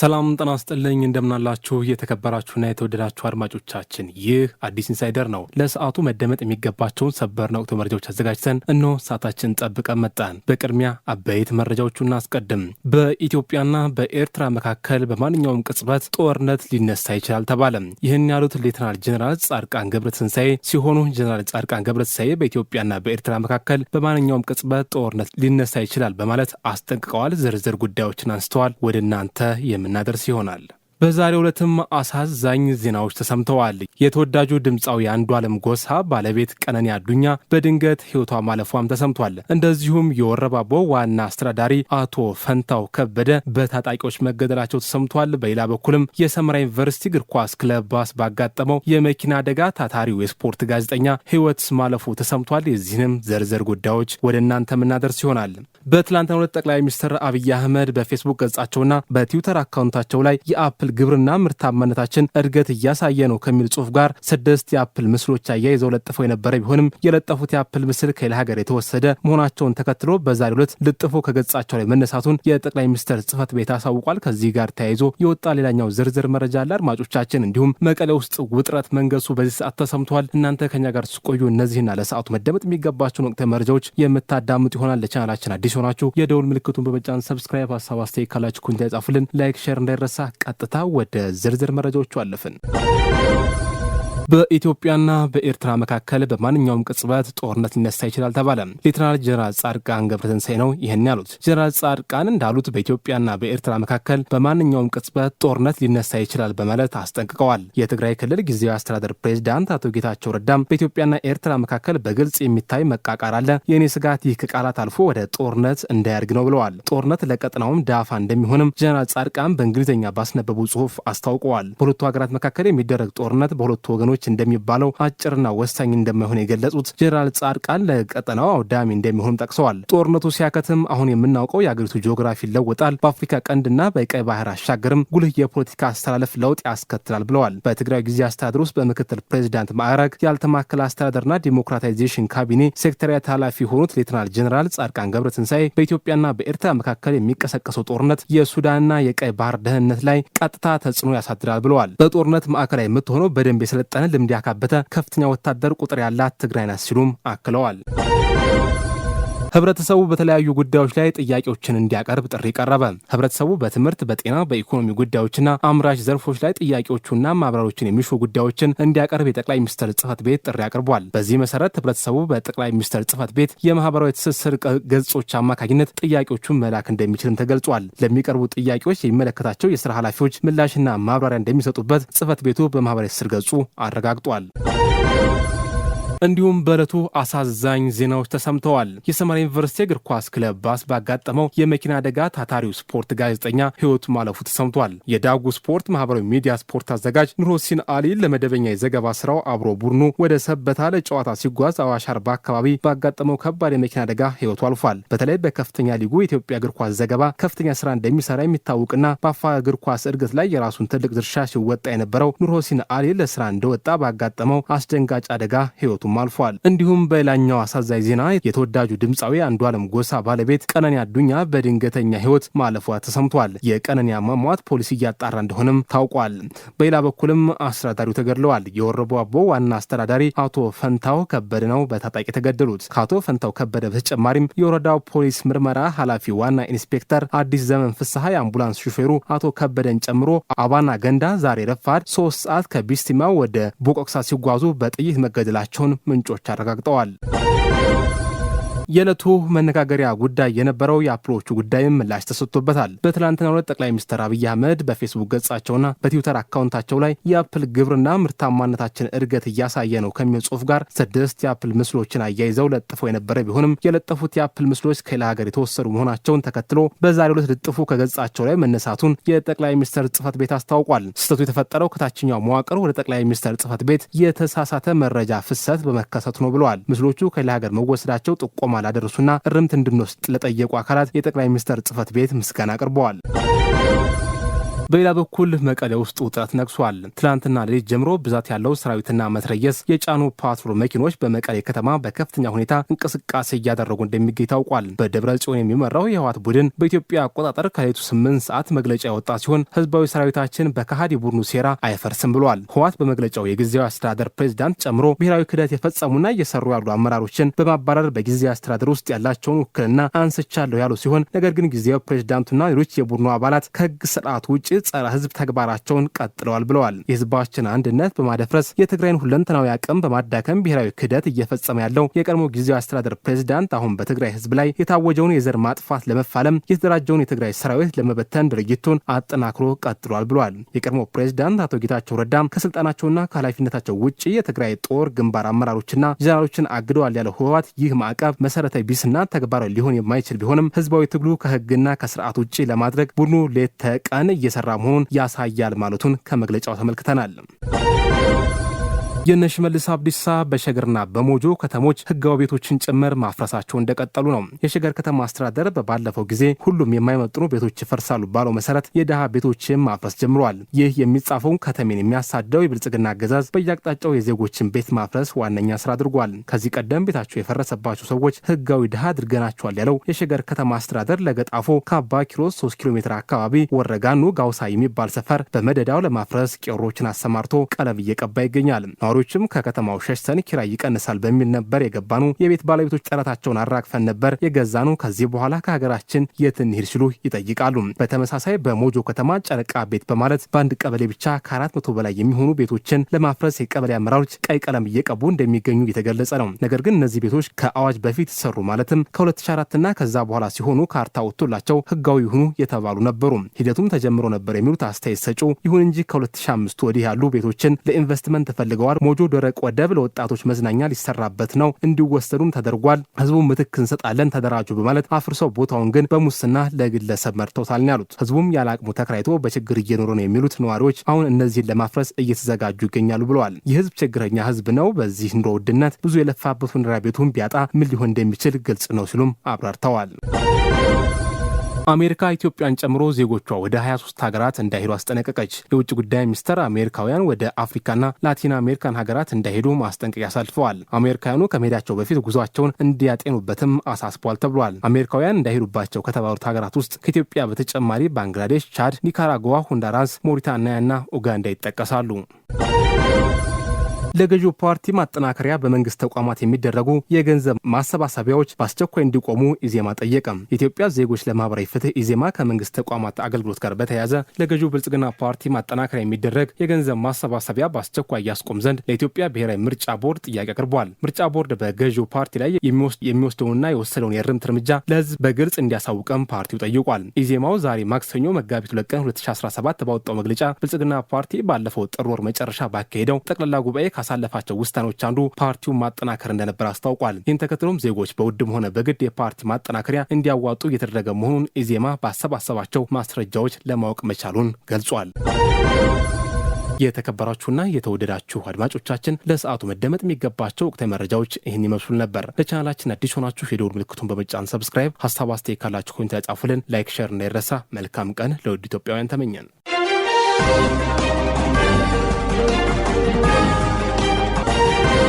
ሰላም ጤና ይስጥልኝ እንደምናላችሁ የተከበራችሁና የተወደዳችሁ አድማጮቻችን፣ ይህ አዲስ ኢንሳይደር ነው። ለሰዓቱ መደመጥ የሚገባቸውን ሰበር ወቅታዊ መረጃዎች አዘጋጅተን እኖ ሰዓታችን ጠብቀን መጣን። በቅድሚያ አበይት መረጃዎቹ እናስቀድም። በኢትዮጵያና በኤርትራ መካከል በማንኛውም ቅጽበት ጦርነት ሊነሳ ይችላል ተባለም። ይህን ያሉት ሌትናል ጀኔራል ጻድቃን ገብረትንሳኤ ሲሆኑ ጀኔራል ጻድቃን ገብረትንሳኤ በኢትዮጵያና በኤርትራ መካከል በማንኛውም ቅጽበት ጦርነት ሊነሳ ይችላል በማለት አስጠንቅቀዋል። ዝርዝር ጉዳዮችን አንስተዋል። ወደ እናንተ የምን nadar በዛሬው ዕለትም አሳዛኝ ዜናዎች ተሰምተዋል። የተወዳጁ ድምፃዊ አንዷለም ጎሳ ባለቤት ቀነኒ አዱኛ በድንገት ሕይወቷ ማለፏም ተሰምቷል። እንደዚሁም የወረባቦ ዋና አስተዳዳሪ አቶ ፈንታው ከበደ በታጣቂዎች መገደላቸው ተሰምቷል። በሌላ በኩልም የሰመራ ዩኒቨርሲቲ እግር ኳስ ክለብ ባስ ባጋጠመው የመኪና አደጋ ታታሪው የስፖርት ጋዜጠኛ ሕይወት ማለፉ ተሰምቷል። የዚህንም ዝርዝር ጉዳዮች ወደ እናንተ የምናደርስ ይሆናል። በትላንትና ሁለት ጠቅላይ ሚኒስትር አብይ አህመድ በፌስቡክ ገጻቸውና በትዊተር አካውንታቸው ላይ የአፕል በማካፈል ግብርና ምርታማነታችን እድገት እያሳየ ነው ከሚል ጽሁፍ ጋር ስድስት የአፕል ምስሎች አያይዘው ለጥፈው የነበረ ቢሆንም የለጠፉት የአፕል ምስል ከሌላ ሀገር የተወሰደ መሆናቸውን ተከትሎ በዛሬ ዕለት ልጥፎ ከገጻቸው ላይ መነሳቱን የጠቅላይ ሚኒስትር ጽህፈት ቤት አሳውቋል። ከዚህ ጋር ተያይዞ የወጣ ሌላኛው ዝርዝር መረጃ አለ። አድማጮቻችን እንዲሁም መቀሌ ውስጥ ውጥረት መንገሱ በዚህ ሰዓት ተሰምቷል። እናንተ ከኛ ጋር ስቆዩ እነዚህና ለሰዓቱ መደመጥ የሚገባቸውን ወቅታዊ መረጃዎች የምታዳምጡ ይሆናል። ለቻናላችን አዲስ ሆናችሁ የደውል ምልክቱን በመጫን ሰብስክራይብ፣ ሀሳብ አስተያየት ካላችሁ ኩንታ ይጻፉልን። ላይክ፣ ሼር እንዳይረሳ። ቀጥታ ወደ ዝርዝር መረጃዎቹ አለፍን። በኢትዮጵያና በኤርትራ መካከል በማንኛውም ቅጽበት ጦርነት ሊነሳ ይችላል ተባለ። ሌተናል ጀነራል ጻድቃን ገብረትንሳኤ ነው ይህን ያሉት። ጀነራል ጻድቃን እንዳሉት በኢትዮጵያና በኤርትራ መካከል በማንኛውም ቅጽበት ጦርነት ሊነሳ ይችላል በማለት አስጠንቅቀዋል። የትግራይ ክልል ጊዜያዊ አስተዳደር ፕሬዚዳንት አቶ ጌታቸው ረዳም በኢትዮጵያና ኤርትራ መካከል በግልጽ የሚታይ መቃቃር አለ። የእኔ ስጋት ይህ ከቃላት አልፎ ወደ ጦርነት እንዳያድግ ነው ብለዋል። ጦርነት ለቀጥናውም ዳፋ እንደሚሆንም ጀነራል ጻድቃን በእንግሊዝኛ ባስነበቡ ጽሁፍ አስታውቀዋል። በሁለቱ ሀገራት መካከል የሚደረግ ጦርነት በሁለቱ ወገኖች ጉዳዮች እንደሚባለው አጭርና ወሳኝ እንደማይሆን የገለጹት ጄኔራል ጻድቃን ለቀጠናው አውዳሚ እንደሚሆን ጠቅሰዋል። ጦርነቱ ሲያከትም አሁን የምናውቀው የአገሪቱ ጂኦግራፊ ይለወጣል፣ በአፍሪካ ቀንድና በቀይ ባህር አሻገርም ጉልህ የፖለቲካ አስተላለፍ ለውጥ ያስከትላል ብለዋል። በትግራይ ጊዜ አስተዳደር ውስጥ በምክትል ፕሬዚዳንት ማዕረግ ያልተማከለ አስተዳደርና ዲሞክራታይዜሽን ካቢኔ ሴክተሪያት ኃላፊ የሆኑት ሌትናል ጀኔራል ጻድቃን ገብረትንሳኤ በኢትዮጵያና በኤርትራ መካከል የሚቀሰቀሰው ጦርነት የሱዳንና የቀይ ባህር ደህንነት ላይ ቀጥታ ተጽዕኖ ያሳድራል ብለዋል። በጦርነት ማዕከላዊ የምትሆነው በደንብ የሰለጠነ ልምድ ያካበተ ከፍተኛ ወታደር ቁጥር ያላት ትግራይ ናት ሲሉም አክለዋል። ህብረተሰቡ በተለያዩ ጉዳዮች ላይ ጥያቄዎችን እንዲያቀርብ ጥሪ ቀረበ። ህብረተሰቡ በትምህርት፣ በጤና፣ በኢኮኖሚ ጉዳዮችና አምራች ዘርፎች ላይ ጥያቄዎቹና ማብራሪዎችን የሚሹ ጉዳዮችን እንዲያቀርብ የጠቅላይ ሚኒስትር ጽህፈት ቤት ጥሪ አቅርቧል። በዚህ መሰረት ህብረተሰቡ በጠቅላይ ሚኒስትር ጽህፈት ቤት የማህበራዊ ትስስር ገጾች አማካኝነት ጥያቄዎቹን መላክ እንደሚችልም ተገልጿል። ለሚቀርቡ ጥያቄዎች የሚመለከታቸው የስራ ኃላፊዎች ምላሽና ማብራሪያ እንደሚሰጡበት ጽህፈት ቤቱ በማህበራዊ ትስስር ገጹ አረጋግጧል። እንዲሁም በዕለቱ አሳዛኝ ዜናዎች ተሰምተዋል። የሰመራ ዩኒቨርሲቲ እግር ኳስ ክለብ ባስ ባጋጠመው የመኪና አደጋ ታታሪው ስፖርት ጋዜጠኛ ሕይወቱ ማለፉ ተሰምቷል። የዳጉ ስፖርት ማህበራዊ ሚዲያ ስፖርት አዘጋጅ ኑሮሲን አሊ ለመደበኛ የዘገባ ስራው አብሮ ቡድኑ ወደ ሰበታ ለጨዋታ ሲጓዝ አዋሽ አርባ አካባቢ ባጋጠመው ከባድ የመኪና አደጋ ሕይወቱ አልፏል። በተለይ በከፍተኛ ሊጉ የኢትዮጵያ እግር ኳስ ዘገባ ከፍተኛ ስራ እንደሚሰራ የሚታወቅና በአፋ እግር ኳስ እድገት ላይ የራሱን ትልቅ ድርሻ ሲወጣ የነበረው ኑሮሲን አሊ ለስራ እንደወጣ ባጋጠመው አስደንጋጭ አደጋ ህይወቱ ሕይወቱም አልፏል። እንዲሁም በሌላኛው አሳዛኝ ዜና የተወዳጁ ድምፃዊ አንዷለም ጎሳ ባለቤት ቀነኒ አዱኛ በድንገተኛ ሕይወት ማለፏ ተሰምቷል። የቀነኒ አሟሟት ፖሊስ እያጣራ እንደሆነም ታውቋል። በሌላ በኩልም አስተዳዳሪው ተገድለዋል። የወረቡ አቦ ዋና አስተዳዳሪ አቶ ፈንታው ከበደ ነው በታጣቂ የተገደሉት። ከአቶ ፈንታው ከበደ በተጨማሪም የወረዳው ፖሊስ ምርመራ ኃላፊ ዋና ኢንስፔክተር አዲስ ዘመን ፍስሐ የአምቡላንስ ሹፌሩ አቶ ከበደን ጨምሮ አባና ገንዳ ዛሬ ረፋድ ሶስት ሰዓት ከቢስቲማው ወደ ቦቆቅሳ ሲጓዙ በጥይት መገደላቸውን ምንጮች አረጋግጠዋል። የዕለቱ መነጋገሪያ ጉዳይ የነበረው የአፕሎቹ ጉዳይም ምላሽ ተሰጥቶበታል። በትላንትና ሁለት ጠቅላይ ሚኒስትር አብይ አህመድ በፌስቡክ ገጻቸውና በትዊተር አካውንታቸው ላይ የአፕል ግብርና ምርታማነታችን እድገት እያሳየ ነው ከሚል ጽሁፍ ጋር ስድስት የአፕል ምስሎችን አያይዘው ለጥፈው የነበረ ቢሆንም የለጠፉት የአፕል ምስሎች ከሌላ ሀገር የተወሰዱ መሆናቸውን ተከትሎ በዛ ዕለት ልጥፉ ከገጻቸው ላይ መነሳቱን የጠቅላይ ሚኒስትር ጽህፈት ቤት አስታውቋል። ስህተቱ የተፈጠረው ከታችኛው መዋቅር ወደ ጠቅላይ ሚኒስትር ጽህፈት ቤት የተሳሳተ መረጃ ፍሰት በመከሰቱ ነው ብለዋል። ምስሎቹ ከሌላ ሀገር መወሰዳቸው ጥቆማ ላደረሱና እርምት እንድንወስድ ለጠየቁ አካላት የጠቅላይ ሚኒስተር ጽህፈት ቤት ምስጋና አቅርበዋል። በሌላ በኩል መቀሌ ውስጥ ውጥረት ነግሷል። ትላንትና ሌሊት ጀምሮ ብዛት ያለው ሰራዊትና መትረየስ የጫኑ ፓትሮል መኪኖች በመቀሌ ከተማ በከፍተኛ ሁኔታ እንቅስቃሴ እያደረጉ እንደሚገኝ ታውቋል። በደብረ ጽዮን የሚመራው የህወሓት ቡድን በኢትዮጵያ አቆጣጠር ከሌቱ 8 ሰዓት መግለጫ የወጣ ሲሆን ህዝባዊ ሰራዊታችን በካሃዲ ቡድኑ ሴራ አይፈርስም ብሏል። ህወሓት በመግለጫው የጊዜያዊ አስተዳደር ፕሬዚዳንት ጨምሮ ብሔራዊ ክህደት የፈጸሙና እየሰሩ ያሉ አመራሮችን በማባረር በጊዜያዊ አስተዳደር ውስጥ ያላቸውን ውክልና አንስቻለሁ ያሉ ሲሆን ነገር ግን ጊዜያዊ ፕሬዚዳንቱና ሌሎች የቡድኑ አባላት ከህግ ስርዓት ውጭ ጸረ ህዝብ ተግባራቸውን ቀጥለዋል ብለዋል። የህዝባችን አንድነት በማደፍረስ የትግራይን ሁለንተናዊ አቅም በማዳከም ብሔራዊ ክህደት እየፈጸመ ያለው የቀድሞ ጊዜያዊ አስተዳደር ፕሬዚዳንት አሁን በትግራይ ህዝብ ላይ የታወጀውን የዘር ማጥፋት ለመፋለም የተደራጀውን የትግራይ ሰራዊት ለመበተን ድርጊቱን አጠናክሮ ቀጥሏል ብለዋል። የቀድሞ ፕሬዚዳንት አቶ ጌታቸው ረዳም ከስልጣናቸውና ከኃላፊነታቸው ውጭ የትግራይ ጦር ግንባር አመራሮችና ጀነራሎችን አግደዋል ያለው ህወሓት ይህ ማዕቀብ መሰረታዊ ቢስና ተግባራዊ ሊሆን የማይችል ቢሆንም ህዝባዊ ትግሉ ከህግና ከስርዓት ውጭ ለማድረግ ቡድኑ ሌት ተቀን እየሰራ መሆኑን ያሳያል ማለቱን ከመግለጫው ተመልክተናል። የሽመልስ አብዲሳ በሸገርና በሞጆ ከተሞች ህጋዊ ቤቶችን ጭምር ማፍረሳቸው እንደቀጠሉ ነው። የሸገር ከተማ አስተዳደር በባለፈው ጊዜ ሁሉም የማይመጥኑ ቤቶች ይፈርሳሉ ባለው መሰረት የድሃ ቤቶችን ማፍረስ ጀምረዋል። ይህ የሚጻፈው ከተሜን የሚያሳደው የብልጽግና አገዛዝ በየአቅጣጫው የዜጎችን ቤት ማፍረስ ዋነኛ ስራ አድርጓል። ከዚህ ቀደም ቤታቸው የፈረሰባቸው ሰዎች ህጋዊ ድሃ አድርገናቸዋል ያለው የሸገር ከተማ አስተዳደር ለገጣፎ ከአባ ኪሮስ 3 ኪሎ ሜትር አካባቢ ወረጋኑ ጋውሳ የሚባል ሰፈር በመደዳው ለማፍረስ ቄሮችን አሰማርቶ ቀለም እየቀባ ይገኛል። ነዋሪዎችም ከከተማው ሸሽተን ኪራይ ይቀንሳል በሚል ነበር የገባኑ። የቤት ባለቤቶች ጨረታቸውን አራግፈን ነበር የገዛኑ። ከዚህ በኋላ ከሀገራችን የት እንሂድ ሲሉ ይጠይቃሉ። በተመሳሳይ በሞጆ ከተማ ጨረቃ ቤት በማለት በአንድ ቀበሌ ብቻ ከአራት መቶ በላይ የሚሆኑ ቤቶችን ለማፍረስ የቀበሌ አመራሮች ቀይ ቀለም እየቀቡ እንደሚገኙ እየተገለጸ ነው። ነገር ግን እነዚህ ቤቶች ከአዋጅ በፊት ሰሩ ማለትም ከ2004 ና ከዛ በኋላ ሲሆኑ ካርታ ወጥቶላቸው ህጋዊ ይሁኑ የተባሉ ነበሩ። ሂደቱም ተጀምሮ ነበር የሚሉት አስተያየት ሰጪው፣ ይሁን እንጂ ከ2005 ወዲህ ያሉ ቤቶችን ለኢንቨስትመንት ተፈልገዋል ሞጆ ደረቅ ወደብ ለወጣቶች መዝናኛ ሊሰራበት ነው እንዲወሰዱም ተደርጓል። ህዝቡ ምትክ እንሰጣለን ተደራጁ በማለት አፍርሰው ቦታውን ግን በሙስና ለግለሰብ መርተውታል ነው ያሉት። ህዝቡም ያለ አቅሙ ተከራይቶ በችግር እየኖረ ነው የሚሉት ነዋሪዎች አሁን እነዚህን ለማፍረስ እየተዘጋጁ ይገኛሉ ብለዋል። የህዝብ ችግረኛ ህዝብ ነው። በዚህ ኑሮ ውድነት ብዙ የለፋበት መኖሪያ ቤቱን ቢያጣ ምን ሊሆን እንደሚችል ግልጽ ነው ሲሉም አብራርተዋል። አሜሪካ ኢትዮጵያን ጨምሮ ዜጎቿ ወደ 23 ሀገራት እንዳይሄዱ አስጠነቀቀች። የውጭ ጉዳይ ሚኒስተር አሜሪካውያን ወደ አፍሪካና ላቲን አሜሪካን ሀገራት እንዳይሄዱ ማስጠንቀቂያ አሳልፈዋል። አሜሪካውያኑ ከመሄዳቸው በፊት ጉዟቸውን እንዲያጤኑበትም አሳስቧል ተብሏል። አሜሪካውያን እንዳይሄዱባቸው ከተባሉት ሀገራት ውስጥ ከኢትዮጵያ በተጨማሪ ባንግላዴሽ፣ ቻድ፣ ኒካራጓ፣ ሆንዳራስ፣ ሞሪታንያና ኡጋንዳ ይጠቀሳሉ። ለገዢው ፓርቲ ማጠናከሪያ በመንግስት ተቋማት የሚደረጉ የገንዘብ ማሰባሰቢያዎች በአስቸኳይ እንዲቆሙ ኢዜማ ጠየቀም። የኢትዮጵያ ዜጎች ለማህበራዊ ፍትህ ኢዜማ ከመንግስት ተቋማት አገልግሎት ጋር በተያያዘ ለገዢው ብልጽግና ፓርቲ ማጠናከሪያ የሚደረግ የገንዘብ ማሰባሰቢያ በአስቸኳይ እያስቆም ዘንድ ለኢትዮጵያ ብሔራዊ ምርጫ ቦርድ ጥያቄ አቅርቧል። ምርጫ ቦርድ በገዢው ፓርቲ ላይ የሚወስደውንና የወሰደውን የእርምት እርምጃ ለህዝብ በግልጽ እንዲያሳውቀም ፓርቲው ጠይቋል። ኢዜማው ዛሬ ማክሰኞ መጋቢት ሁለት ቀን 2017 ባወጣው መግለጫ ብልጽግና ፓርቲ ባለፈው ጥር ወር መጨረሻ ባካሄደው ጠቅላላ ጉባኤ ካሳለፋቸው ውሳኔዎች አንዱ ፓርቲውን ማጠናከር እንደነበር አስታውቋል። ይህን ተከትሎም ዜጎች በውድም ሆነ በግድ የፓርቲ ማጠናከሪያ እንዲያዋጡ እየተደረገ መሆኑን ኢዜማ ባሰባሰባቸው ማስረጃዎች ለማወቅ መቻሉን ገልጿል። የተከበራችሁና የተወደዳችሁ አድማጮቻችን ለሰዓቱ መደመጥ የሚገባቸው ወቅታዊ መረጃዎች ይህን ይመስሉ ነበር። ለቻናላችን አዲስ ሆናችሁ የደወል ምልክቱን በመጫን ሰብስክራይብ፣ ሀሳብ አስተያየት ካላችሁ ኮሜንት ያጻፉልን። ላይክ፣ ሸር እንዳይረሳ። መልካም ቀን ለውድ ኢትዮጵያውያን ተመኘን።